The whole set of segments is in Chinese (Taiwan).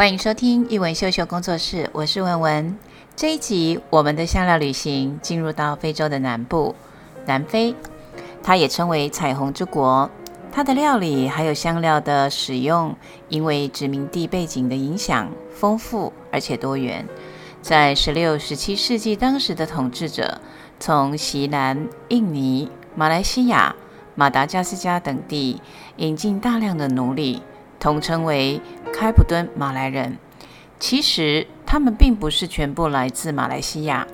歡迎收聽一文秀秀工作室，我是文文。這一集，我們的香料旅行進入到非洲的南部——南非，它也稱為彩虹之國。它的料理還有香料的使用，因為殖民地背景的影響，豐富而且多元。在十六、十七世紀，當時的統治者從錫蘭、印尼、馬來西亞、馬達加斯加等地引進大量的奴隸。統稱為開普敦馬來人，其實他們並不是全部來自馬來西亞。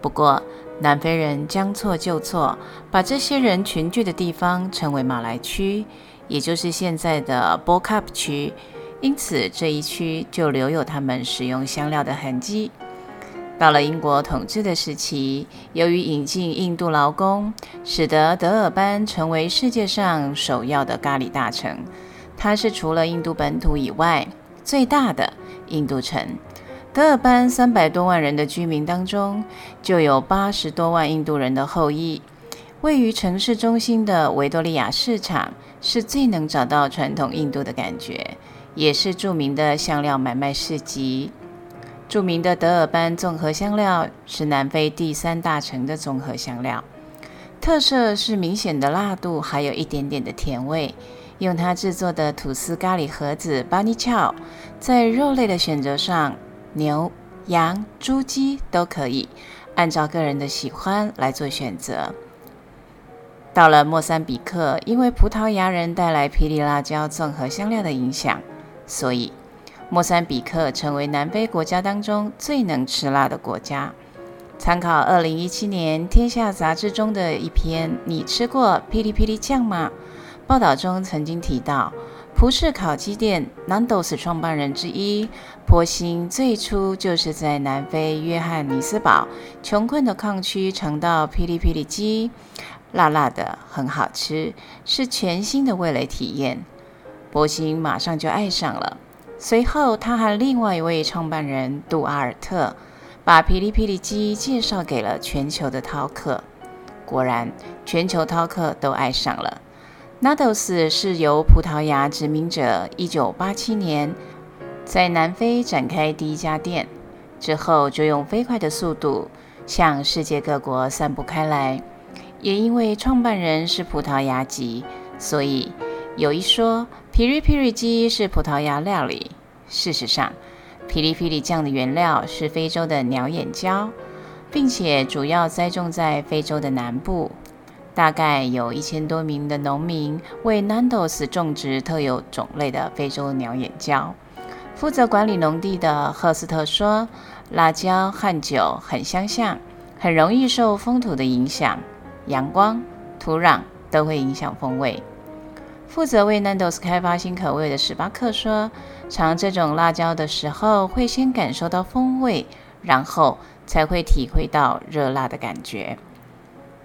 不過南非人將錯就錯，把這些人群聚的地方稱為馬來區，也就是現在的波卡普區，因此這一區就留有他們使用香料的痕跡。到了英國統治的時期，由於引進印度勞工，使得德爾班成為世界上首要的咖喱大城。它是除了印度本土以外最大的印度城。德爾班三百多萬人的居民當中，就有八十多萬印度人的後裔。位於城市中心的維多利亞市場是最能找到傳統印度的感覺，也是著名的香料買賣市集。著名的德爾班綜合香料是南非第三大城的綜合香料，特色是明顯的辣度，還有一點點的甜味。用它製作的吐司咖喱盒子巴尼 n 在肉類的選擇上，牛、羊、豬、雞都可以，按照個人的喜歡來做選擇。到了莫桑比克，因為葡萄牙人帶來霹靂辣椒種和香料的影響，所以莫桑比克成為南非國家當中最能吃辣的國家。參考二零一七年《天下》雜誌中的一篇：“你吃過霹靂霹靂醬嗎？”報道中曾經提到，葡式烤雞店 （Nando's） 創辦人之一玻辛最初就是在南非約翰尼斯堡窮困的礦區嘗到霹靂霹靂雞，辣辣的很好吃，是全新的味蕾體驗。玻辛馬上就愛上了。隨後，他和另外一位創辦人杜阿爾特把霹靂霹靂雞介紹給了全球的饕客。果然，全球饕客都愛上了。Nando's 是由葡萄牙殖民者，一九八七年在南非展開第一家店，之後就用飛快的速度向世界各國散佈開來。也因為創辦人是葡萄牙籍，所以有一說皮里皮里雞是葡萄牙料理。事實上，皮里皮里醬的原料是非洲的鳥眼椒，並且主要栽種在非洲的南部。大概有一千多名的農民為 Nando's 種植特有種類的非洲鳥眼椒。負責管理農地的赫斯特說：“辣椒和酒很相像，很容易受風土的影響，陽光、土壤都會影響風味。”負責為 Nando's 開發新口味的史巴克說：“嘗這種辣椒的時候，會先感受到風味，然後才會體會到熱辣的感覺。”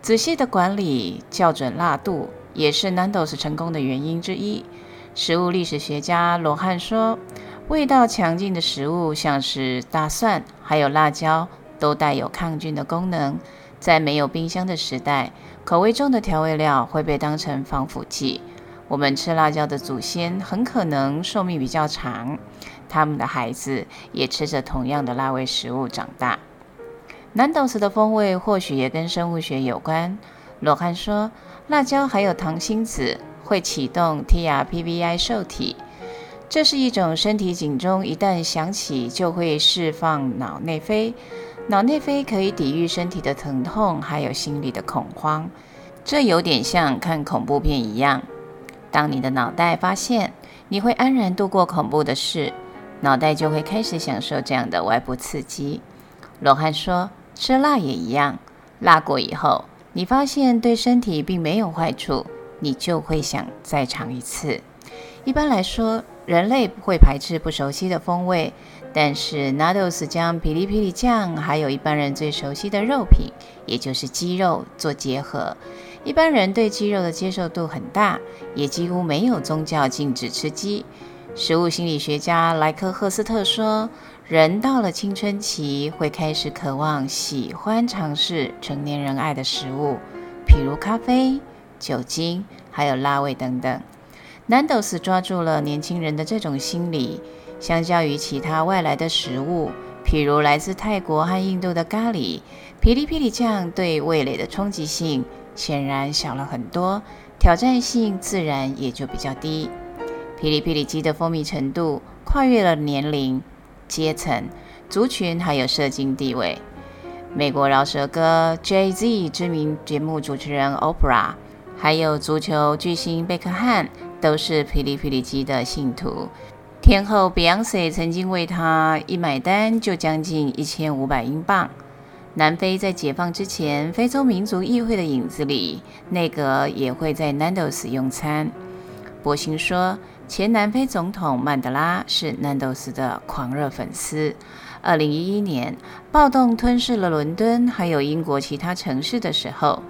仔細的管理、校準辣度，也是 Nando's 成功的原因之一。食物歷史學家羅漢說：“味道強勁的食物，像是大蒜，還有辣椒，都帶有抗菌的功能。在沒有冰箱的時代，口味重的調味料會被當成防腐劑。我們吃辣椒的祖先很可能壽命比較長，他們的孩子也吃着同樣的辣味食物長大。”南道寺的風味或許也跟生物學有關。羅漢說，辣椒還有唐辛子會啟動 TRPV1 受體，這是一種身體警鐘，一旦響起就會釋放腦內啡。腦內啡可以抵禦身體的疼痛，還有心理的恐慌。這有點像看恐怖片一樣，當你的腦袋發現你會安然度過恐怖的事，腦袋就會開始享受這樣的外部刺激。羅漢說。吃辣也一樣，辣過以後，你發現對身體並沒有壞處，你就會想再嘗一次。一般來說，人類不會排斥不熟悉的風味，但是 Nando's 將皮里皮里醬，還有一般人最熟悉的肉品，也就是雞肉做結合。一般人對雞肉的接受度很大，也幾乎沒有宗教禁止吃雞。食物心理學家萊克赫斯特說。人到了青春期，會開始渴望、喜歡嘗試成年人愛的食物，譬如咖啡、酒精，還有辣味等等。Nando's 抓住了年輕人的這種心理。相較於其他外來的食物，譬如來自泰國和印度的咖喱、霹靂霹靂醬，對味蕾的衝擊性顯然小了很多，挑戰性自然也就比較低。霹靂霹靂雞的風靡程度跨越了年齡，階層、族群還有社經地位。美國饒舌歌 Jay-Z 知名節目主持人 Oprah，還有足球巨星貝克漢都是霹靂霹靂雞的信徒。天后碧昂絲曾經為他一買單就將近一千五百英鎊。南非在解放之前，非洲民族議會的影子裡，內閣也會在 Nando's 用餐。玻辛說。前南非總統曼德拉是 Nando's 的狂熱粉絲。2011年暴動吞噬了倫敦，還有英國其他城市的時候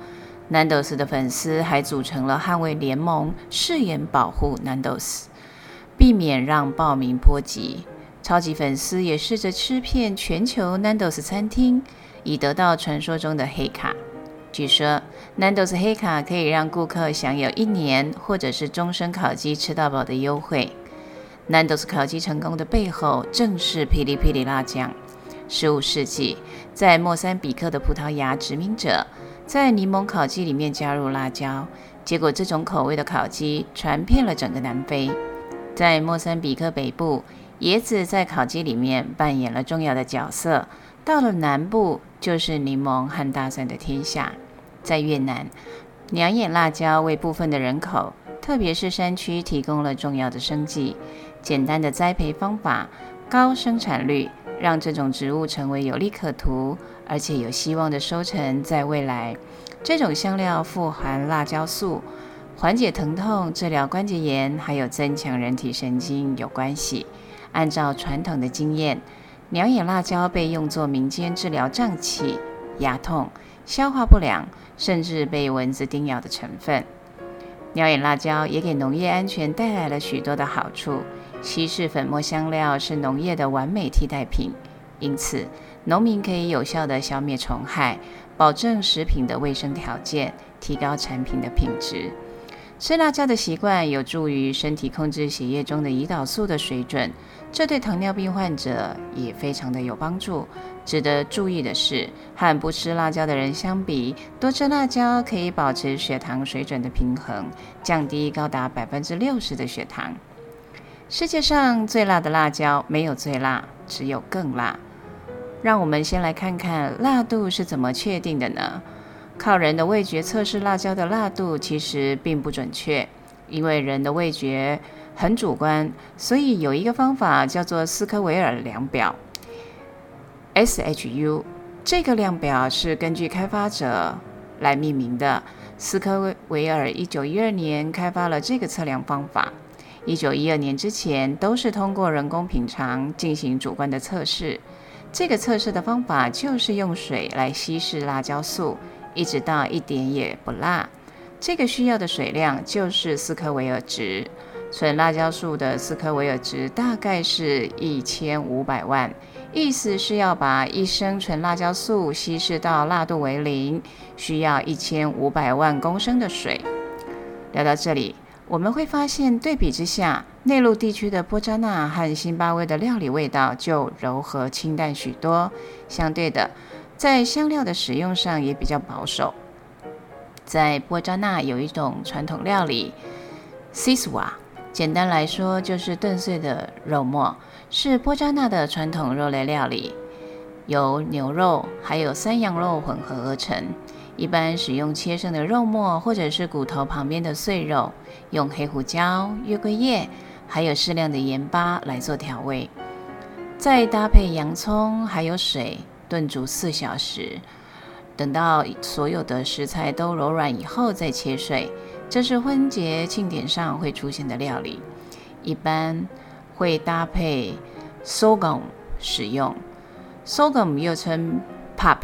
，Nando's 的粉絲還組成了捍衛聯盟，誓言保護 Nando's，避免讓暴民波及。超級粉絲也試着吃遍全球 Nando's 餐廳，以得到傳說中的黑卡。據說。Nando's 黑卡可以讓顧客享有一年或者是終身烤雞吃到飽的優惠。Nando's 烤雞成功的背後，正是霹靂霹靂辣醬。十五世紀，在莫桑比克的葡萄牙殖民者在檸檬烤雞裡面加入辣椒，結果這種口味的烤雞傳遍了整個南非。在莫桑比克北部，椰子在烤雞裡面扮演了重要的角色；到了南部，就是檸檬和大蒜的天下。在越南，鳥眼辣椒為部分的人口，特別是山區，提供了重要的生計。簡單的栽培方法、高生產率，讓這種植物成為有利可圖而且有希望的收成。在未來，這種香料富含辣椒素，緩解疼痛、治療關節炎，還有增強人體神經有關係。按照傳統的經驗，鳥眼辣椒被用作民間治療脹氣、牙痛、消化不良，甚至被蚊子叮咬的成分，鳥眼辣椒也給農業安全帶來了許多的好處。稀釋粉末香料是農業的完美替代品，因此農民可以有效地消滅蟲害，保證食品的衛生條件，提高產品的品質。吃辣椒的習慣有助於身體控制血液中的胰島素的水準，這對糖尿病患者也非常的有幫助。值得注意的是，和不吃辣椒的人相比，多吃辣椒可以保持血糖水準的平衡，降低高達百分之六十的血糖。世界上最辣的辣椒沒有最辣，只有更辣。讓我們先來看看辣度是怎麼確定的呢？靠人的味覺測試辣椒的辣度其實並不準確，因為人的味覺很主觀。所以有一個方法叫做斯科維爾量表 （SHU）。這個量表是根據開發者來命名的。斯科維爾一九一二年開發了這個測量方法。一九一二年之前都是通過人工品嘗進行主觀的測試。這個測試的方法就是用水來稀釋辣椒素。一直到一點也不辣，這個需要的水量就是斯科維爾值。純辣椒素的斯科維爾值大概是一千五百萬，意思是要把一升純辣椒素稀釋到辣度為零，需要一千五百萬公升的水。聊到這裡，我們會發現對比之下，內陸地區的波札那和辛巴威的料理味道就柔和清淡許多，相對的。在香料的使用上也比較保守。在波扎納有一種傳統料理，Siswa，簡單來說就是燉碎的肉末，是波扎納的傳統肉類料理，由牛肉還有山羊肉混合而成。一般使用切剩的肉末或者是骨頭旁邊的碎肉，用黑胡椒、月桂葉還有適量的鹽巴來做調味，再搭配洋蔥還有水。燉煮四小時，等到所有的食材都柔軟以後再切碎。這是婚節慶典上會出現的料理，一般會搭配 sorghum 使用。sorghum 又稱 pop，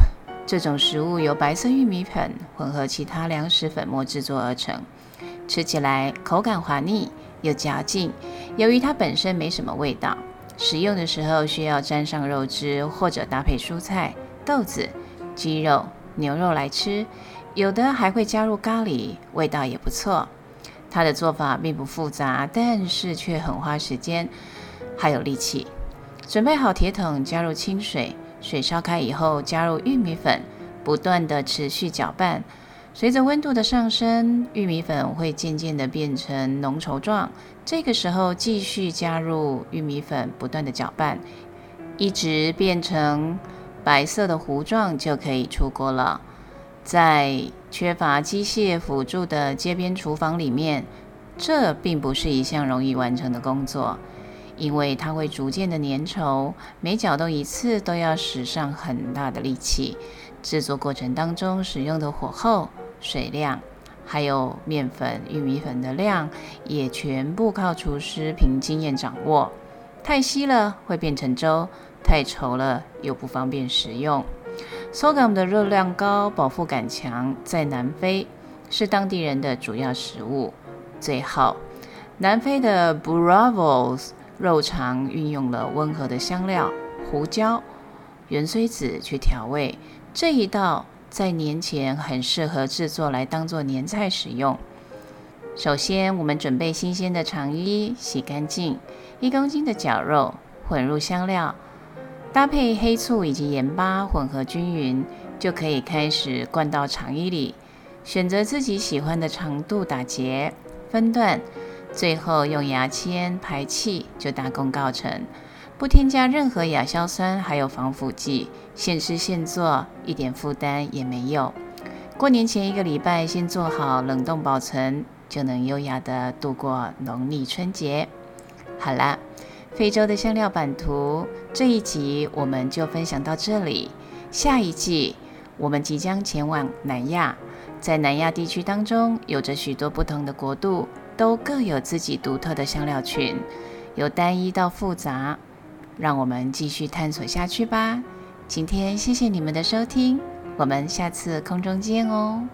這種食物由白色玉米粉混合其他糧食粉末製作而成，吃起來口感滑膩有嚼勁。由於它本身沒什麼味道。使用的時候需要沾上肉汁，或者搭配蔬菜、豆子、雞肉、牛肉來吃，有的還會加入咖喱，味道也不錯。它的做法並不複雜，但是卻很花時間，還有力氣。準備好鐵桶，加入清水，水燒開以後加入玉米粉，不斷地持續攪拌。隨着溫度的上升，玉米粉會漸漸地變成濃稠狀。這個時候繼續加入玉米粉，不斷的攪拌，一直變成白色的糊狀就可以出鍋了。在缺乏機械輔助的街邊廚房裡面，這並不是一項容易完成的工作，因為它會逐漸的粘稠，每攪動一次都要使上很大的力氣。製作過程當中使用的火候。水量還有麵粉、玉米粉的量也全部靠廚師憑經驗掌握，太稀了會變成粥，太稠了又不方便食用。Sorghum 的熱量高，飽腹感強，在南非是當地人的主要食物。最後，南非的 Boerewors 肉腸運用了溫和的香料、胡椒、芫荽籽去調味，這一道。在年前很適合製作來當做年菜使用。首先，我們準備新鮮的腸衣，洗乾淨，一公斤的絞肉，混入香料，搭配黑醋以及鹽巴，混合均勻，就可以開始灌到腸衣裡。選擇自己喜歡的長度，打結、分段，最後用牙籤排氣，就大功告成。不添加任何亞硝酸，還有防腐劑，現吃現做，一點負擔也沒有。過年前一個禮拜先做好冷凍保存，就能優雅地度過農曆春節。好了，非洲的香料版圖這一集我們就分享到這裡，下一季我們即將前往南亞，在南亞地區當中，有着許多不同的國度，都各有自己獨特的香料群，由單一到複雜。讓我們繼續探索下去吧。今天謝謝你們的收聽，我們下次空中見哦。